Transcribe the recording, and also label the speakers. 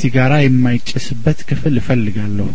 Speaker 1: ሲጋራ የማይጨስበት ክፍል እፈልጋለሁ